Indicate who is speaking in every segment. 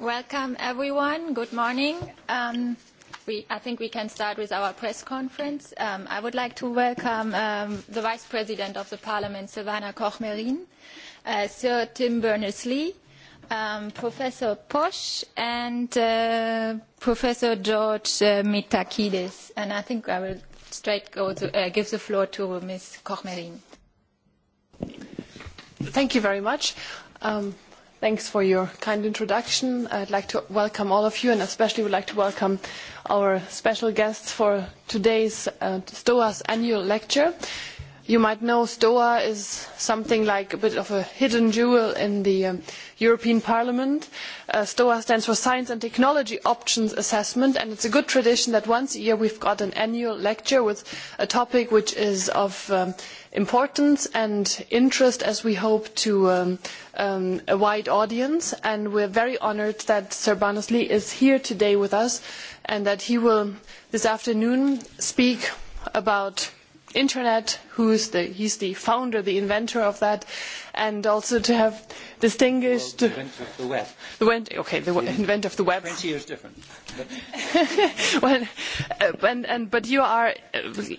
Speaker 1: Welcome, everyone. Good morning. Um, I think we can start with our press conference. Um, I would like to welcome um, the Vice President of the Parliament, Silvana Koch-Merin, uh, Sir Tim Berners-Lee, Professor Posch, and uh, Professor George uh, Mitakidis. And I think I will straight go to uh, give the floor to
Speaker 2: Ms. Koch-Merin. Thank you very much. Thanks for your kind introduction. I'd like to welcome all of you and especially would like to welcome our special guests for today's uh, STOA's annual lecture you might know stoa is something like a bit of a hidden jewel in the um, european parliament. Uh, stoa stands for science and technology options assessment and it is a good tradition that once a year we have got an annual lecture with a topic which is of um, importance and interest as we hope to um, um a wide audience and we are very honoured that sir berners-lee is here today with us and that he will this afternoon speak about internet who is the is the founder the inventor of that and also to have distinguished well, the inventor of the web the went, okay the, the inventor of the web 20 years different but. when, uh, and, but you are uh,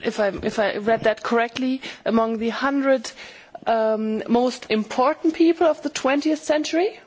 Speaker 2: if I, if I read that correctly among the 100 um, most important people of the 20th century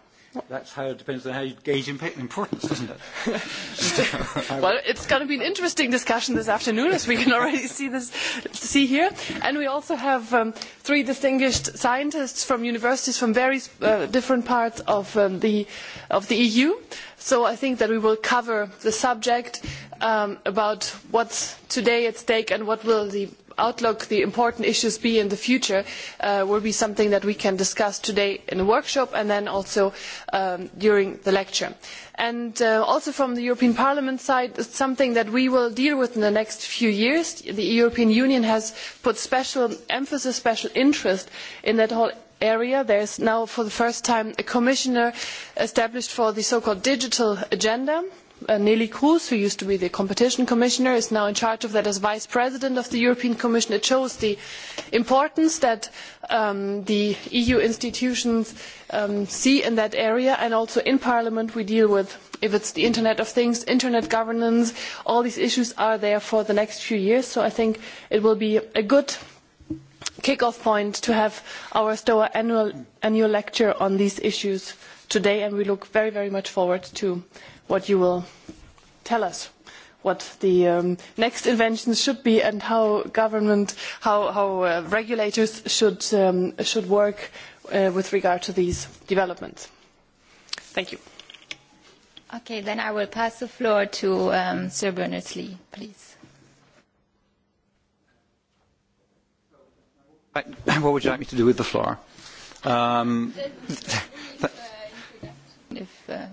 Speaker 3: That's how it depends on how you gauge importance, isn't it?
Speaker 2: well, it's going to be an interesting discussion this afternoon, as we can already see, this, see here. And we also have um, three distinguished scientists from universities from various uh, different parts of, um, the, of the EU. So I think that we will cover the subject um, about what's today at stake and what will the outlook the important issues be in the future uh, will be something that we can discuss today in the workshop and then also um, during the lecture. And, uh, also from the european parliament side it is something that we will deal with in the next few years. the european union has put special emphasis special interest in that whole area. there is now for the first time a commissioner established for the so called digital agenda' Uh, Neelie Kroes, who used to be the competition commissioner, is now in charge of that as vice president of the European Commission. It shows the importance that um, the EU institutions um, see in that area, and also in Parliament we deal with if it is the Internet of Things, Internet governance, all these issues are there for the next few years. So I think it will be a good kick off point to have our STOA annual, lecture on these issues today, and we look very, very much forward to what you will tell us what the um, next inventions should be and how government, how, how uh, regulators should, um, should work uh, with regard to these developments.
Speaker 1: Thank you. Okay, then I will pass the floor to um, Sir Berners-Lee, please.
Speaker 3: What would you like me to do with the floor? Um,
Speaker 1: if, uh...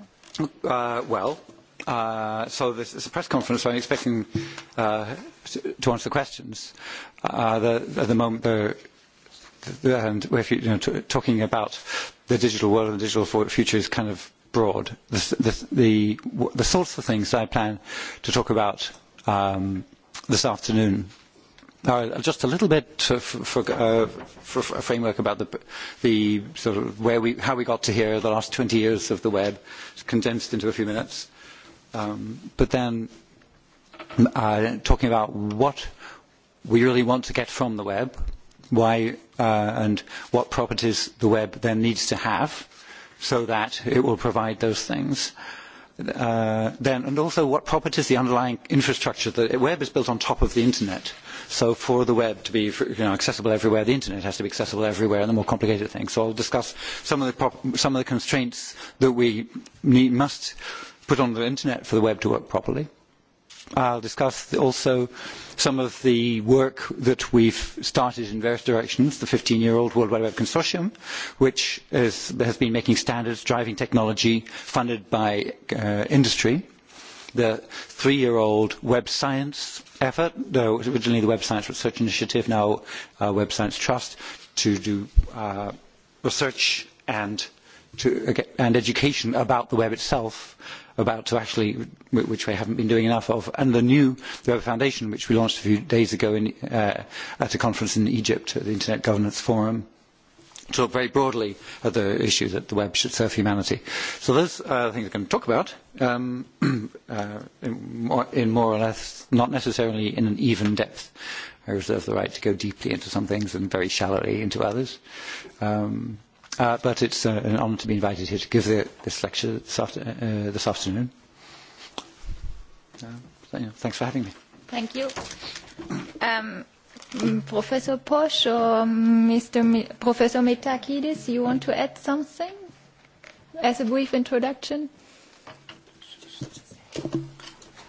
Speaker 3: Uh, well, uh, so this is a press conference, so I'm expecting uh, to answer questions. Uh, the, at the moment, the, the, and if you, you know, t- talking about the digital world and the digital future is kind of broad. The, the, the, w the sorts of things that I plan to talk about um, this afternoon Uh just a little bit for, uh, for a framework about the, the sort of where we, how we got to here, the last 20 years of the web, condensed into a few minutes. Um, but then uh, talking about what we really want to get from the web, why uh, and what properties the web then needs to have so that it will provide those things uh, then, and also what properties the underlying infrastructure. The web is built on top of the internet. So for the web to be you know, accessible everywhere, the internet has to be accessible everywhere, and the more complicated things. So I'll discuss some of the, prop some of the constraints that we need, must put on the internet for the web to work properly. I'll discuss also some of the work that we've started in various directions, the 15-year-old World Wide Web Consortium, which is, has been making standards, driving technology, funded by uh, industry. The three-year-old Web Science effort, though originally the Web Science Research Initiative, now uh, Web Science Trust, to do uh, research and, to, uh, and education about the web itself about to actually, which we haven't been doing enough of, and the new Web Foundation, which we launched a few days ago in, uh, at a conference in Egypt at the Internet Governance Forum talk very broadly of the issue that the web should serve humanity. So those are the things we're going to talk about um, uh, in, more, in more or less, not necessarily in an even depth. I reserve the right to go deeply into some things and very shallowly into others. Um, Uh, but it's uh, an honour to be invited here to give the, this lecture this, after, uh, uh this afternoon. Uh, thanks for having me.
Speaker 1: Thank you. Um, mm, Professor Posh or Mr. Mi Professor Metakidis, you want to add something as a brief introduction?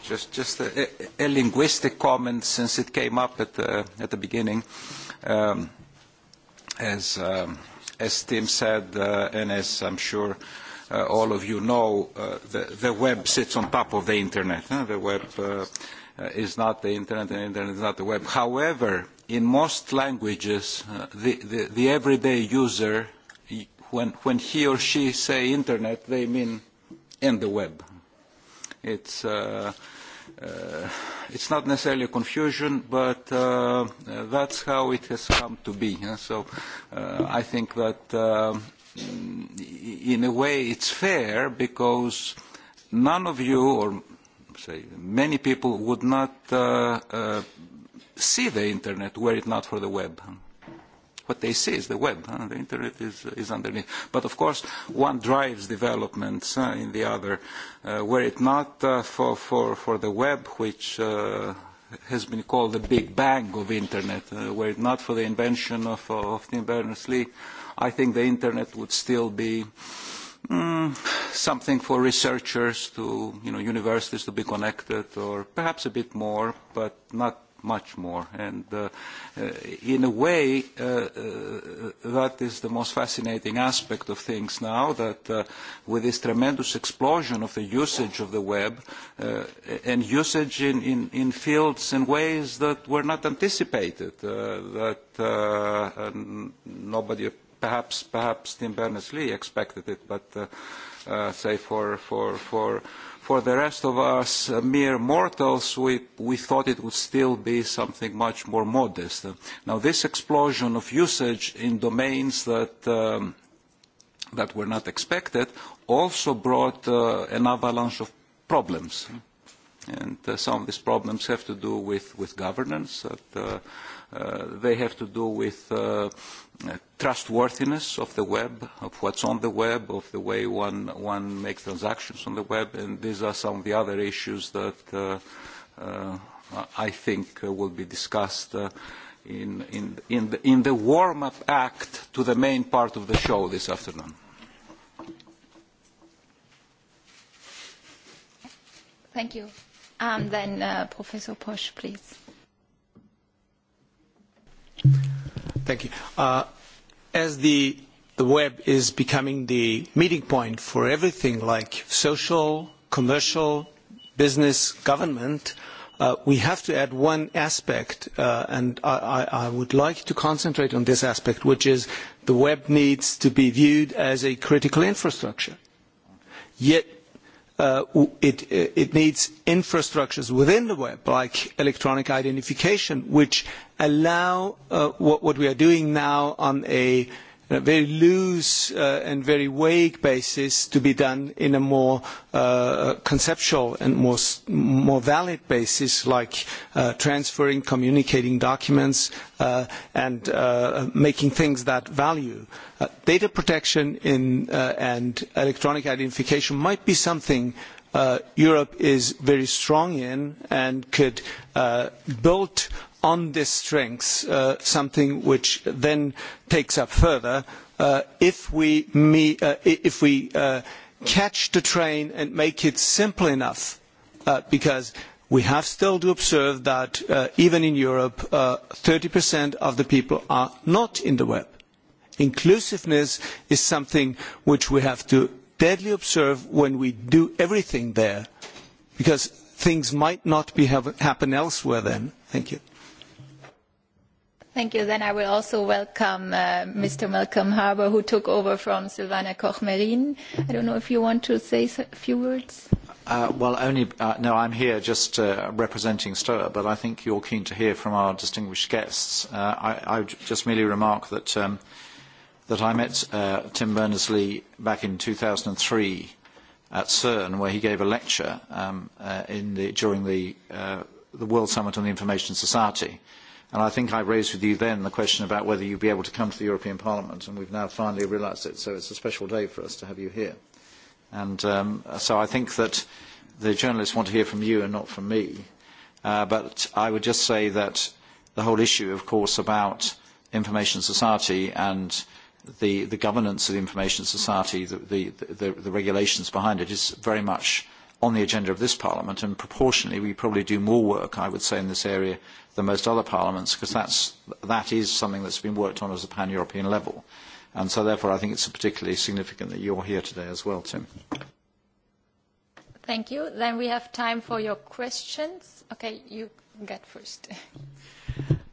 Speaker 4: Just, just a, a linguistic comment since it came up at the, at the beginning. Um, as um, as Tim said, uh, and as I'm sure uh, all of you know, uh, the, the web sits on top of the internet. Huh? The web uh, uh is not the internet, and the internet is not the web. However, in most languages, uh, the, the, the everyday user, when, when he or she say internet, they mean in the web. It's... Uh, uh, it's not necessarily a confusion, but uh, that's how it has come to be. So uh, I think that uh, in a way it's fair because none of you, or say many people, would not uh, uh, see the Internet were it not for the web what they see is the web. Huh? The internet is, is underneath. But of course, one drives developments uh, in the other. Uh, were it not uh, for, for, for the web, which uh, has been called the big bang of internet, uh, were it not for the invention of, uh, of Tim Berners-Lee, I think the internet would still be mm, something for researchers to, you know, universities to be connected, or perhaps a bit more, but not much more. And uh, uh, in a way, uh, uh, that is the most fascinating aspect of things now, that uh, with this tremendous explosion of the usage of the web, uh, and usage in, in, in fields and ways that were not anticipated, uh, that uh, nobody perhaps perhaps Tim Berners-Lee expected it, but uh, uh, say for for for for the rest of us uh, mere mortals, we, we thought it would still be something much more modest. Now, this explosion of usage in domains that, um, that were not expected also brought uh, an avalanche of problems. And uh, some of these problems have to do with, with governance, that, uh, uh, they have to do with uh trustworthiness of the web, of what's on the web, of the way one, one makes transactions on the web, and these are some of the other issues that uh, uh, I think uh, will be discussed uh, in, in, in the, in the warm-up act to the main part of the show this afternoon.
Speaker 1: Thank you. And um, then uh, Professor Posh, please.
Speaker 5: Thank you. Uh, as the, the web is becoming the meeting point for everything like social, commercial, business, government, uh, we have to add one aspect, uh, and I, I, I would like to concentrate on this aspect, which is the web needs to be viewed as a critical infrastructure. Yet Uh, it, uh, it, needs infrastructures within the web, like electronic identification, which allow uh, what, what, we are doing now on a very loose uh, and very vague basis to be done in a more uh, conceptual and more, more valid basis like uh, transferring, communicating documents uh, and uh, making things that value. Uh, data protection in, and electronic identification might be something Europe is very strong in and could build on this strength, uh, something which then takes up further. Uh, if we, me, uh, if we uh, catch the train and make it simple enough, uh, because we have still to observe that uh, even in Europe, uh, 30% of the people are not in the web. Inclusiveness is something which we have to deadly observe when we do everything there, because things might not be happen elsewhere then. Thank you.
Speaker 1: Thank you. Then I will also welcome uh, Mr. Malcolm Harbour, who took over from Silvana Koch-Merin. I don't know if you want to say a few words.
Speaker 6: Uh, uh, no, I'm here just representing STOA, but I think you're keen to hear from our distinguished guests. I, would just merely remark that um, that I met uh, Tim Berners-Lee back in 2003 at CERN, where he gave a lecture um, uh, in the, during the uh, the World Summit on the Information Society. And I think I raised with you then the question about whether you would be able to come to the European Parliament, and we have now finally realised it. So it is a special day for us to have you here. And um, so I think that the journalists want to hear from you and not from me. Uh, but I would just say that the whole issue, of course, about information society and the, the governance of the information society, the, the, the, the regulations behind it, is very much on the agenda of this Parliament, and proportionally we probably do more work, I would say, in this area than most other parliaments, because that is something that has been worked on at a pan-European level. And so therefore I think it is particularly significant that you are here today as well, Tim.
Speaker 1: Thank you. Then we have time for your questions. Okay, you get first.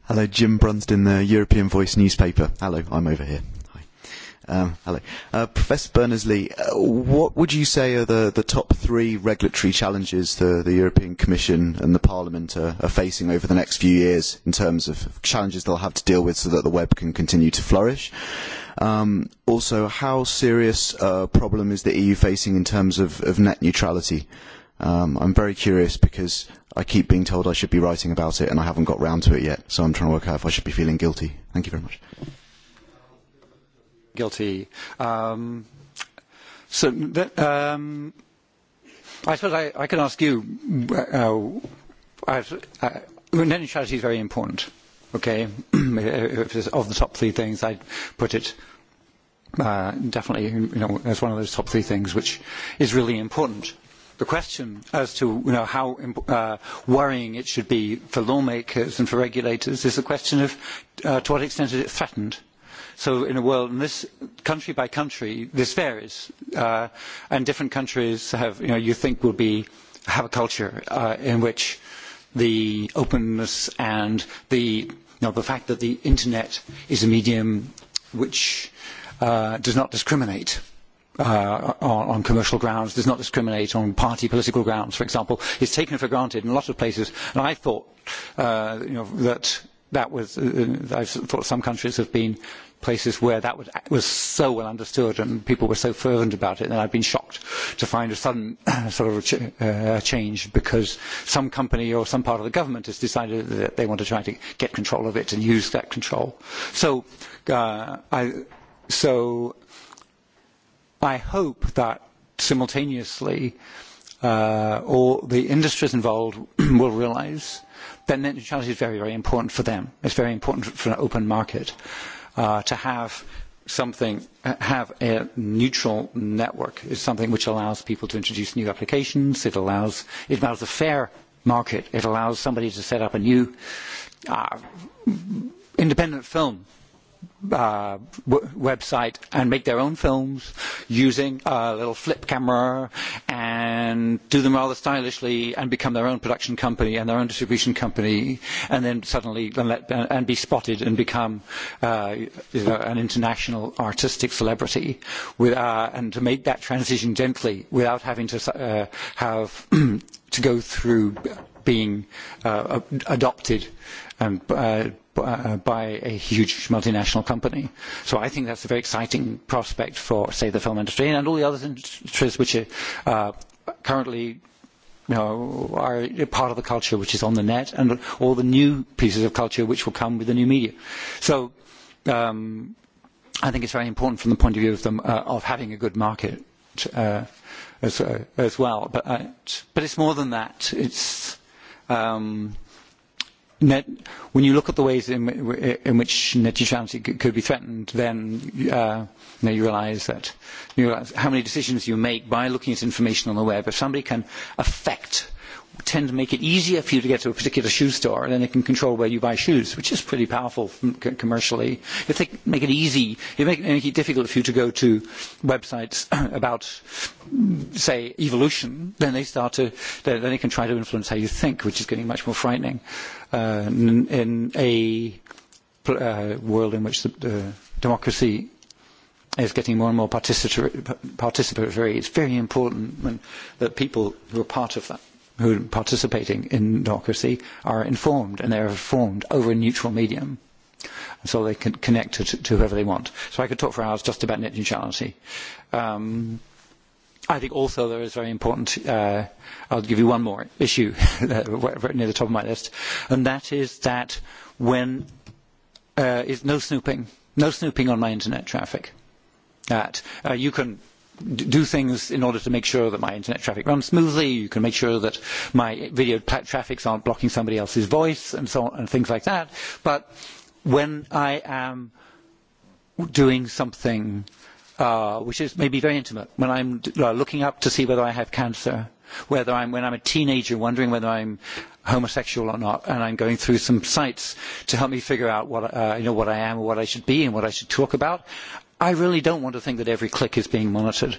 Speaker 6: Hello, Jim the European Voice newspaper. Hello, I'm over here. Um, hello. Uh, Professor Berners-Lee, uh, what would you say are the, the top three regulatory challenges the, the European Commission and the Parliament are, are facing over the next few years in terms of challenges they'll have to deal with so that the web can continue to flourish? Um, also, how serious a uh, problem is the EU facing in terms of, of net neutrality? Um, I'm very curious because I keep being told I should be writing about it and I haven't got round to it yet, so I'm trying to work out if I should be feeling guilty. Thank you very
Speaker 3: much guilty. Um, so that, um, I suppose I, I could ask you. Uh, uh, uh neutrality is very important. Okay, if it's of the top three things, I'd put it uh, definitely you know, as one of those top three things, which is really important. The question as to you know, how uh, worrying it should be for lawmakers and for regulators is the question of uh, to what extent is it threatened so in a world and this country by country this varies uh, and different countries have you know you think will be have a culture uh, in which the openness and the you know, the fact that the internet is a medium which uh, does not discriminate uh, on, on commercial grounds, does not discriminate on party political grounds, for example, is taken for granted in a lot of places. And I thought uh, you know, that that was, uh, I thought some countries have been places where that was, was so well understood and people were so fervent about it, then I've been shocked to find a sudden sort of ch uh, change because some company or some part of the government has decided that they want to try to get control of it and use that control. So, uh, I, so I hope that simultaneously uh, all the industries involved will realise that net neutrality is very, very important for them. It's very important for an open market uh, to have something uh, have a neutral network is something which allows people to introduce new applications it allows it allows a fair market it allows somebody to set up a new uh, independent film uh, w- website and make their own films using a little flip camera and do them rather stylishly and become their own production company and their own distribution company and then suddenly and, let, and be spotted and become uh, you know, an international artistic celebrity with, uh, and to make that transition gently without having to uh, have to go through being uh, adopted um, uh, uh, by a huge multinational company. So I think that's a very exciting prospect for, say, the film industry and all the other industries which are uh, currently you know, are part of the culture which is on the net and all the new pieces of culture which will come with the new media. So um, I think it's very important from the point of view of, them, uh, of having a good market uh, as, uh, as well. But, uh, but it's more than that. It's Um, net, when you look at the ways in, in which net neutrality could be threatened, then uh, you, know, you realise that you realize how many decisions you make by looking at information on the web. If somebody can affect tend to make it easier for you to get to a particular shoe store, and then they can control where you buy shoes, which is pretty powerful c commercially. If they make it easy, if they make it difficult for you to go to websites about, say, evolution, then they start to, then they can try to influence how you think, which is getting much more frightening uh, in, in a uh, world in which the, uh, democracy is getting more and more participatory. participatory. It's very important when, that people who are part of that who are participating in democracy are informed, and they are informed over a neutral medium. so they can connect to, to whoever they want. So I could talk for hours just about net neutrality. Um, i think also there is very important, uh, I'll give you one more issue right near the top of my list, and that is that when uh, is no snooping, no snooping on my internet traffic. That uh, you can do things in order to make sure that my internet traffic runs smoothly. You can make sure that my video traffics aren't blocking somebody else's voice and so on and things like that. But when I am doing something uh, which is maybe very intimate, when I'm uh, looking up to see whether I have cancer, whether I'm when I'm a teenager wondering whether I'm homosexual or not, and I'm going through some sites to help me figure out what uh, you know what I am or what I should be and what I should talk about. I really don't want to think that every click is being monitored.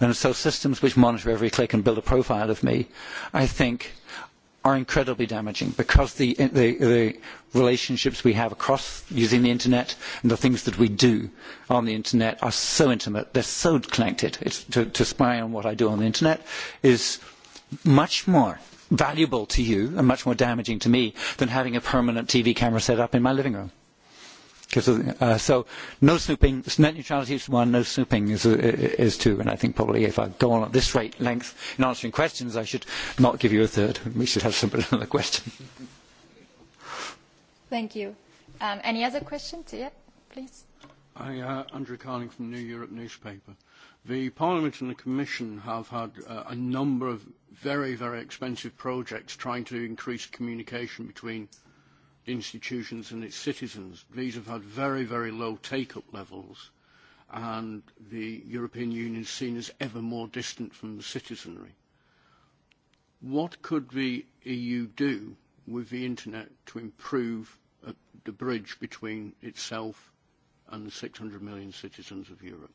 Speaker 3: And so systems which monitor every click and build a profile of me, I think, are incredibly damaging because the, the, the relationships we have across using the internet and the things that we do on the internet are so intimate, they're so connected. It's, to, to spy on what I do on the internet is much more valuable to you and much more damaging to me than having a permanent TV camera set up in my living room. Uh, so no snooping, net neutrality is one, no snooping is, is two, and I think probably if I go on at this rate length in answering questions, I should not give you a third. We should have somebody another question.
Speaker 1: Thank you. Um, any other questions? Yeah, please.
Speaker 7: I uh, Andrew Carling from New Europe newspaper. The Parliament and the Commission have had uh, a number of very, very expensive projects trying to increase communication between institutions and its citizens. These have had very, very low take-up levels, and the European Union is seen as ever more distant from the citizenry. What could the EU do with the internet to improve uh, the bridge between itself and the 600 million citizens of Europe?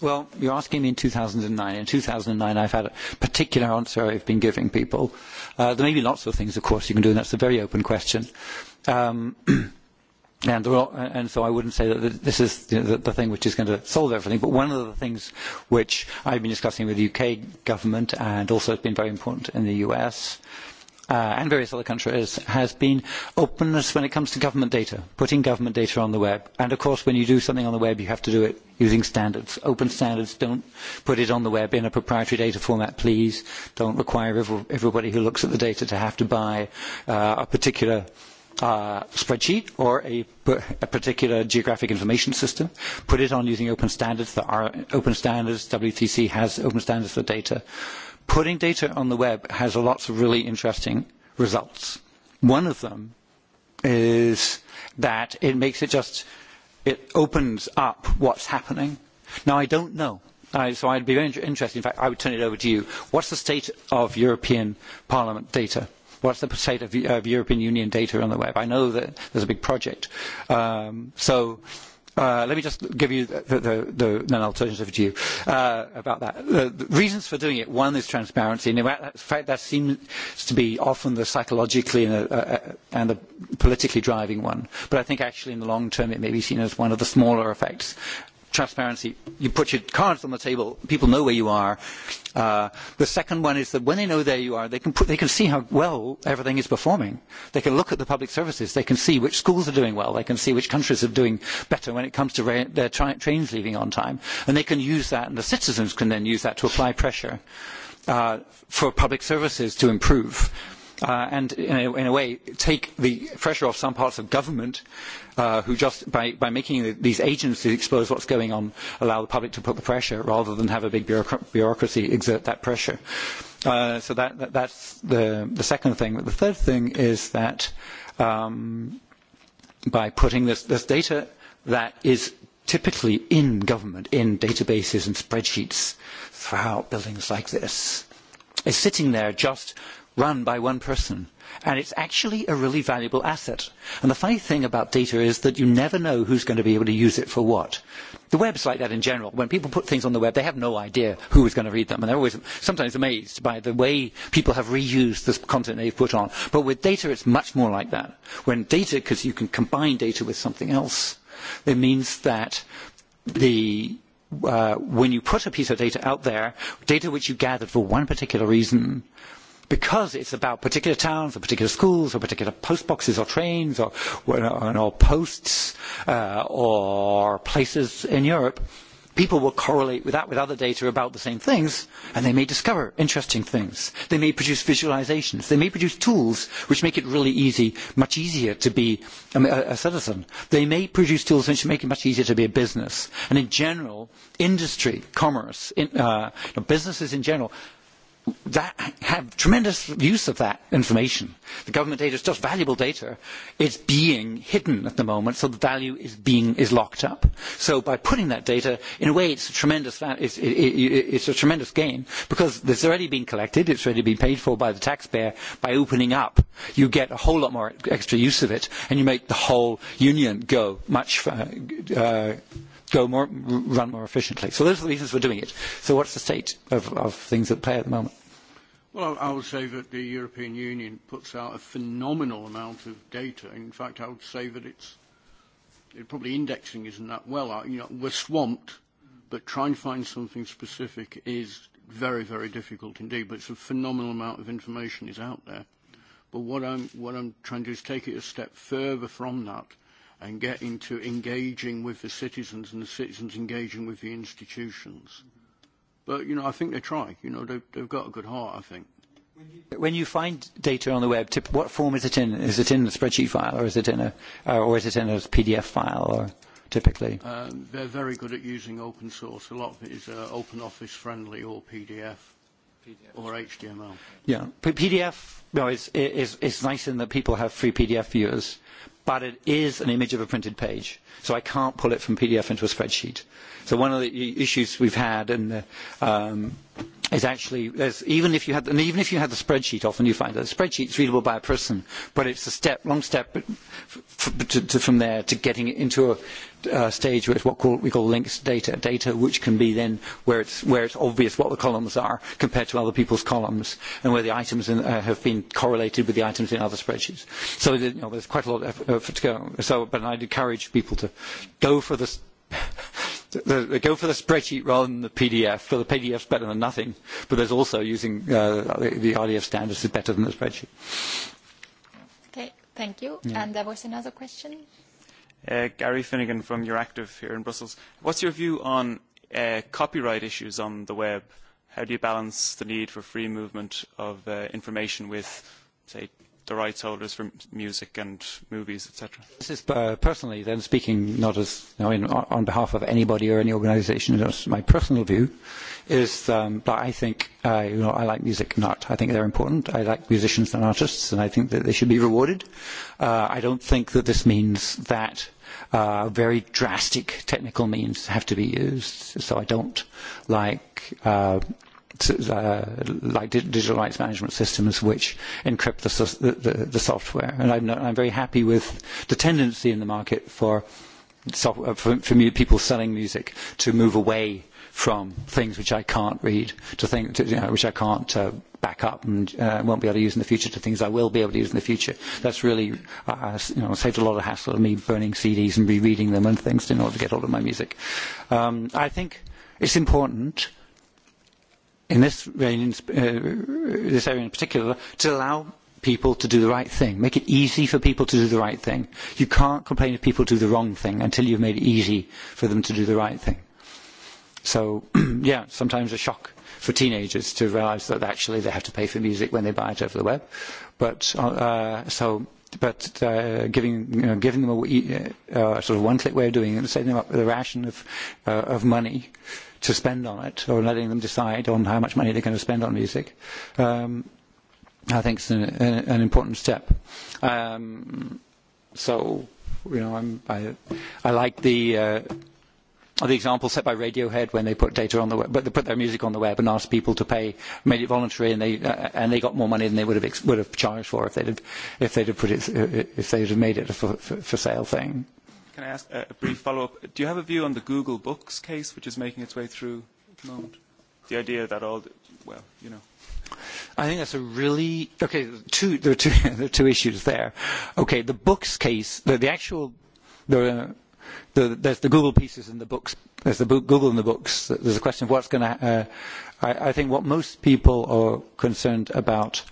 Speaker 3: Well, you're asking me in 2009. In 2009, I've had a particular answer I've been giving people. Uh, there may be lots of things, of course, you can do, and that's a very open question. Um, and, there are, and so I wouldn't say that this is the, the thing which is going to solve everything. But one of the things which I've been discussing with the UK government and also has been very important in the US uh, and various other countries has been openness when it comes to government data, putting government data on the web. And of course, when you do something on the web, you have to do it using standards. Open standards, don't put it on the web in a proprietary data format, please. Don't require everybody who looks at the data to have to buy uh, a particular uh, spreadsheet or a, a particular geographic information system. Put it on using open standards. There are open standards. WTC has open standards for data. Putting data on the web has lots of really interesting results. One of them is that it makes it just it opens up what is happening. Now, I don't know. I, so I'd be very interested. In fact, I would turn it over to you. What is the state of European Parliament data? What is the state of, of, European Union data on the web? I know that there is a big project. Um, so Uh, let me just give you the, the, the, an alternative view uh, about that. The, the reasons for doing it, one is transparency. No and in fact, that seems to be often the psychologically and the, uh, uh, and the politically driving one. But I think actually in the long term, it may be seen as one of the smaller effects transparency. You put your cards on the table, people know where you are. Uh, the second one is that when they know where you are, they can, put, they can see how well everything is performing. They can look at the public services, they can see which schools are doing well, they can see which countries are doing better when it comes to ra- their tra- trains leaving on time, and they can use that, and the citizens can then use that to apply pressure uh, for public services to improve uh, and in a, in a way take the pressure off some parts of government uh, who just by, by making the, these agencies expose what's going on allow the public to put the pressure rather than have a big bureauc bureaucracy exert that pressure. Uh, so that, that, that's the, the second thing. But the third thing is that um, by putting this, this data that is typically in government, in databases and spreadsheets throughout buildings like this, is sitting there just run by one person. And it's actually a really valuable asset. And the funny thing about data is that you never know who's going to be able to use it for what. The web's like that in general. When people put things on the web, they have no idea who is going to read them. And they're always sometimes amazed by the way people have reused the content they've put on. But with data, it's much more like that. When data, because you can combine data with something else, it means that the uh, when you put a piece of data out there, data which you gathered for one particular reason, because it is about particular towns or particular schools or particular post boxes or trains or, or, posts uh, or places in Europe, people will correlate with that with other data about the same things and they may discover interesting things. They may produce visualisations. They may produce tools which make it really easy, much easier to be a, a citizen. They may produce tools which make it much easier to be a business. And in general, industry, commerce, in, uh, businesses in general that have tremendous use of that information. The government data is just valuable data. It's being hidden at the moment, so the value is being is locked up. So by putting that data, in a way, it's a tremendous it's, it, it, it's a tremendous gain because it's already been collected, it's already been paid for by the taxpayer. By opening up, you get a whole lot more extra use of it, and you make the whole union go much uh, uh go more, run more efficiently. So those are the reasons for doing it. So what's the state of, of things at play at the moment?
Speaker 7: Well, I would say that the European Union puts out a phenomenal amount of data. In fact, I would say that it's it probably indexing isn't that well. you know, we're swamped, but trying to find something specific is very, very difficult indeed. But it's a phenomenal amount of information is out there. But what I'm what I'm trying to do is take it a step further from that and get into engaging with the citizens and the citizens engaging with the institutions. But, you know, I think they try. You know, they've, they've got a good heart, I think.
Speaker 3: When you find data on the web, tip, what form is it in? Is it in a spreadsheet file, or is it in a, uh, or is it in a PDF file, or typically?
Speaker 7: Um, they're very good at using open source. A lot of it is uh, open office friendly or PDF. PDF. Or HTML.
Speaker 3: Yeah, but PDF no, it's, is, it's nice in that people have free PDF viewers but it is an image of a printed page. So I can't pull it from PDF into a spreadsheet. So one of the issues we've had, in the, um, is actually there's, even if you had and even if you had the spreadsheet often you find that the spreadsheet is readable by a person but it's a step long step f- to, to, from there to getting it into a uh, stage where it's what call, we call linked data data which can be then where it's where it's obvious what the columns are compared to other people's columns and where the items in, uh, have been correlated with the items in other spreadsheets so you know, there's quite a lot of effort to go so but I'd encourage people to go for the they go for the spreadsheet rather than the PDF. For the PDF is better than nothing, but there's also using uh, the, the RDF standards is better than the spreadsheet.
Speaker 1: Okay, thank you. Yeah. And there was another question.
Speaker 4: Uh, Gary Finnegan from Euractiv here in Brussels. What's your view on uh, copyright issues on the web? How do you balance the need for free movement of uh, information with, say, the rights holders for music and movies, etc.
Speaker 3: This is uh, personally then speaking, not as you know, in, on behalf of anybody or any organisation. Just my personal view is um, that I think uh, you know I like music and art. I think they're important. I like musicians and artists, and I think that they should be rewarded. Uh, I don't think that this means that uh, very drastic technical means have to be used. So I don't like. Uh, uh, like digital rights management systems which encrypt the, the, the software. And I'm, not, I'm very happy with the tendency in the market for, software, uh, for, for me, people selling music to move away from things which I can't read, to things to, you know, which I can't uh, back up and uh, won't be able to use in the future, to things I will be able to use in the future. That's really uh, you know, saved a lot of hassle of me burning CDs and rereading them and things in order to get hold of my music. Um, I think it's important in this, rain, uh, this area in particular, to allow people to do the right thing. Make it easy for people to do the right thing. You can't complain if people do the wrong thing until you've made it easy for them to do the right thing. So, yeah, sometimes a shock for teenagers to realise that actually they have to pay for music when they buy it over the web. But, uh, uh so but uh, giving you uh, know giving them a uh, uh, sort of one-click way of doing it, setting them up with a ration of uh, of money to spend on it, or letting them decide on how much money they're going to spend on music. Um, I think it's an, an, an important step. Um, so, you know, I'm, I, I like the. Uh, the example set by Radiohead when they put data on the web, but they put their music on the web and asked people to pay, made it voluntary, and they uh, and they got more money than they would have ex- would have charged for if they'd have, if they'd have put it uh, if they'd have made it a for, for, for sale thing.
Speaker 4: Can I ask a brief follow up? Do you have a view on the Google Books case, which is making its way through at the moment? The idea that all, the, well, you know.
Speaker 3: I think that's a really okay. Two there are two there are two issues there. Okay, the books case, the, the actual the the, there's the Google pieces in the books. There's the Google in the books. There's a question of what's going to. Uh, I, I think what most people are concerned about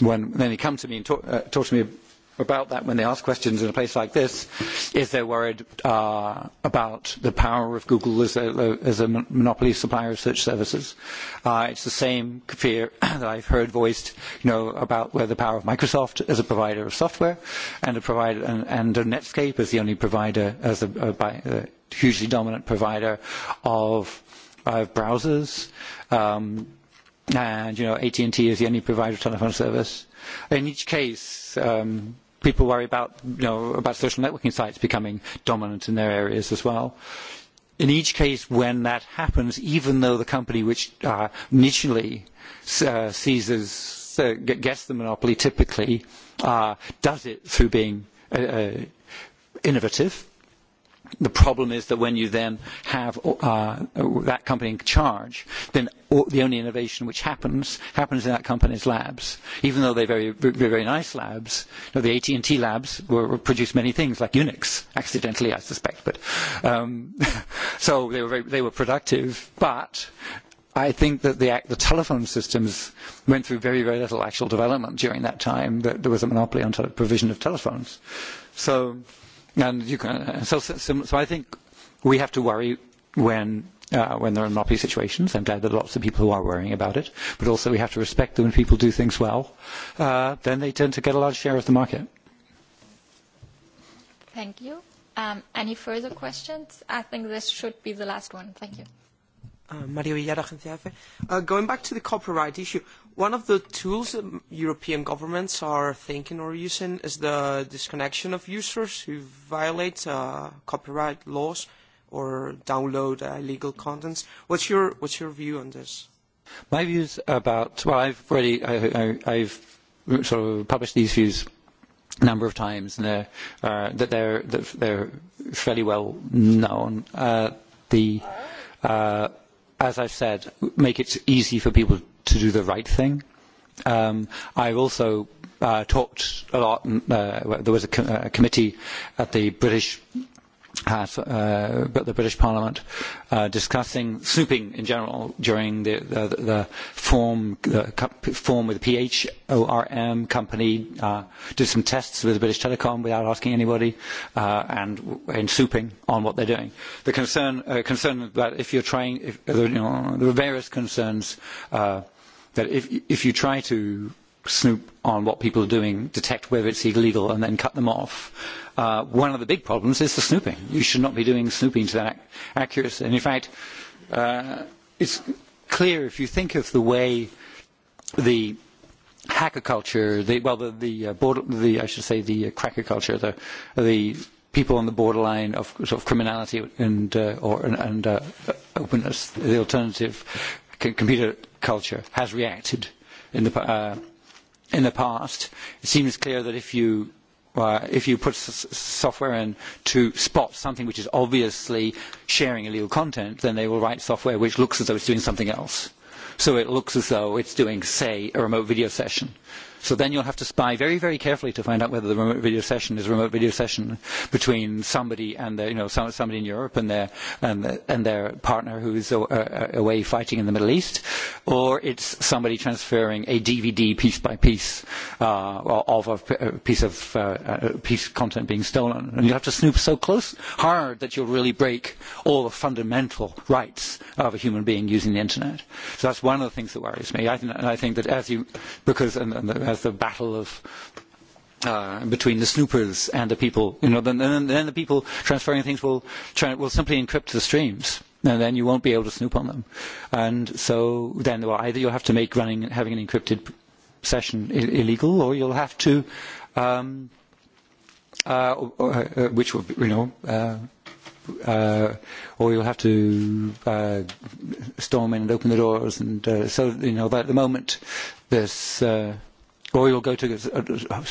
Speaker 3: when, when they come to me and talk, uh, talk to me about that when they ask questions in a place like this is they're worried uh, about the power of Google as a, as a monopoly supplier of search services. Uh, it's the same fear that I've heard voiced, you know, about where the power of Microsoft as a provider of software and a provider and, and Netscape as the only provider as a, a, by, a hugely dominant provider of, of browsers. Um, and you know AT&T is the only provider of telephone service. In each case, um, people worry about you know about social networking sites becoming dominant in their areas as well. In each case, when that happens, even though the company which uh, initially uh, seizes uh, gets the monopoly typically uh, does it through being uh, uh innovative the problem is that when you then have uh, uh that company in charge, then all, the only innovation which happens happens in that company's labs, even though they're very, very, very nice labs. You know, the AT&T labs were, were produced many things like Unix, accidentally, I suspect. But um, so they were very, they were productive, but i think that the, the telephone systems went through very, very little actual development during that time. That there was a monopoly on the provision of telephones. So And you can, uh, so, so, so I think we have to worry when, uh, when there are monopoly situations. I'm glad that lots of people who are worrying about it. But also we have to respect that when people do things well, uh, then they tend to get a large share of the market.
Speaker 1: Thank you. Um, any further questions? I think this should be the last one. Thank you.
Speaker 5: Uh, Mario Villar, Agencia AFE. Uh, going back to the copyright issue, One of the tools that European governments are thinking or using is the disconnection of users who violate uh, copyright laws or download uh, illegal contents. What's your, what's your view on this?
Speaker 3: My views about, well, I've already, I, I, I've sort of published these views a number of times and they're, uh, that they're, that they're fairly well known. Uh, the, uh, as I've said, make it easy for people to to do the right thing. Um, I've also uh, talked a lot. Mm, uh, there was a, com a committee at the British uh, uh, the British Parliament uh, discussing snooping in general during the, uh, the, the form the form with the PHORM company uh, did some tests with the British Telecom without asking anybody uh, and in snooping on what they're doing. The concern uh, concern that if you're trying, if, you know, there are various concerns. Uh, that if, if you try to snoop on what people are doing, detect whether it's illegal, and then cut them off. Uh, one of the big problems is the snooping. You should not be doing snooping to that accuracy. And in fact, uh, it's clear if you think of the way the hacker culture, the, well, the, the, uh, border, the I should say the uh, cracker culture, the, the people on the borderline of sort of criminality and uh, or and, and uh, openness, the alternative computer culture has reacted in the, uh, in the past. It seems clear that if you, uh, if you put s software in to spot something which is obviously sharing illegal content, then they will write software which looks as though it's doing something else. So it looks as though it's doing, say, a remote video session so then you'll have to spy very, very carefully to find out whether the remote video session is a remote video session between somebody and their, you know, some, somebody in Europe and their, and, and their partner who's uh, uh, away fighting in the Middle East, or it's somebody transferring a DVD piece by piece uh, of a uh, piece of uh, uh, piece of content being stolen. And you'll have to snoop so close, hard that you'll really break all the fundamental rights of a human being using the internet. So that's one of the things that worries me. I, th- and I think that as you, because and, and the, as the battle of uh, between the snoopers and the people. You know, then, then the people transferring things will, try, will simply encrypt the streams, and then you won't be able to snoop on them. And so then, well, either you'll have to make running having an encrypted session illegal, or you'll have to, um, uh, uh, which will, you know. Uh, uh, or you'll have to uh, storm in and open the doors, and uh, so you know. At the moment, this uh, or you'll go to uh, uh,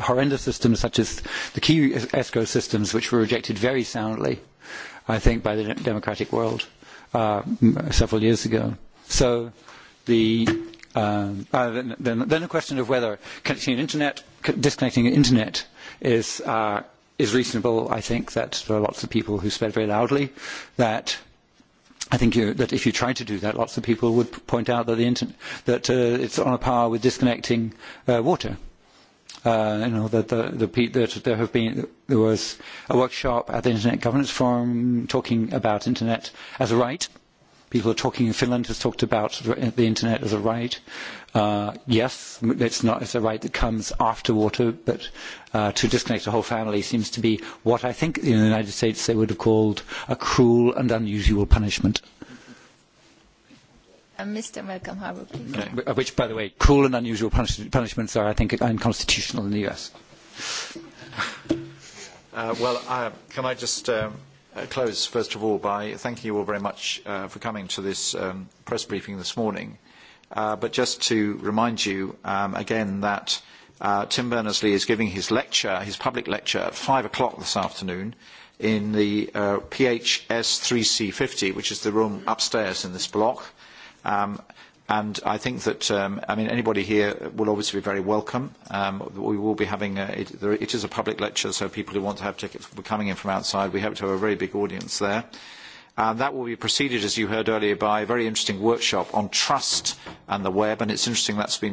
Speaker 3: horrendous systems such as the key escrow systems, which were rejected very soundly, I think, by the democratic world uh, several years ago. So the um, uh, then, then, the question of whether connecting an internet, disconnecting an internet is, uh, is reasonable, I think that there are lots of people who spread very loudly that i think you, that if you try to do that, lots of people would point out that the Inter that uh, it's on a par with disconnecting uh, water. Uh, you know that the, the, pe that there have been there was a workshop at the Internet Governance Forum talking about internet as a right people are talking in Finland has talked about the internet as a right. Uh, yes, it's not it's a right that comes after water, but uh, to disconnect a whole family seems to be what I think in the United States they would have called a cruel and unusual punishment.
Speaker 1: Uh, Mr. Malcolm Harbour, please.
Speaker 3: Uh, which, by the way, cruel and unusual punish punishments are, I think, unconstitutional in the US. Uh, well, I, uh, can I
Speaker 6: just um, Uh, close, first of all, by thanking you all very much uh, for coming to this um, press briefing this morning. Uh, but just to remind you um, again that uh, Tim Berners-Lee is giving his lecture, his public lecture, at five o'clock this afternoon in the uh, PHS 3C50, which is the room upstairs in this block. Um, And I think that, um, I mean, anybody here will obviously be very welcome. Um, we will be having, a, it, there, it is a public lecture, so people who want to have tickets will be coming in from outside. We hope to have a very big audience there. And that will be preceded, as you heard earlier, by a very interesting workshop on trust and the web. And it's interesting that's been a